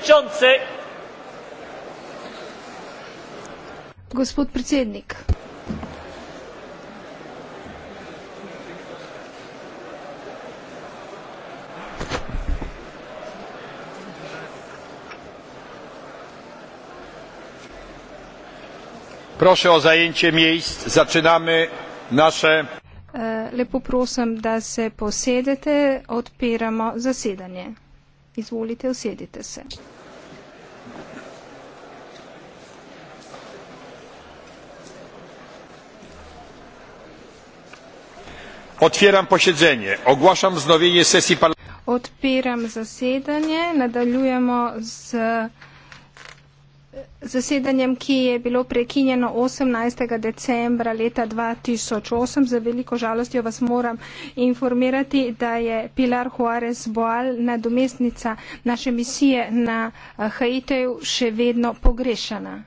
Przewodniczący! Gospod predsednik. Proszę o zajęcie miejsc. Zaczynamy nasze. E, lepo proszę, da się posiedete. Odpieramy zasiedanie. Izvolite, usedite se. Odpiram posedanje. Oglašam znovenje sesije parlamenta. Odpiram zasedanje. Nadaljujemo z zasedanjem, ki je bilo prekinjeno 18. decembra leta 2008. Za veliko žalostjo vas moram informirati, da je Pilar Juarez Boal, nadomestnica naše misije na eh, Haiteju, še vedno pogrešana.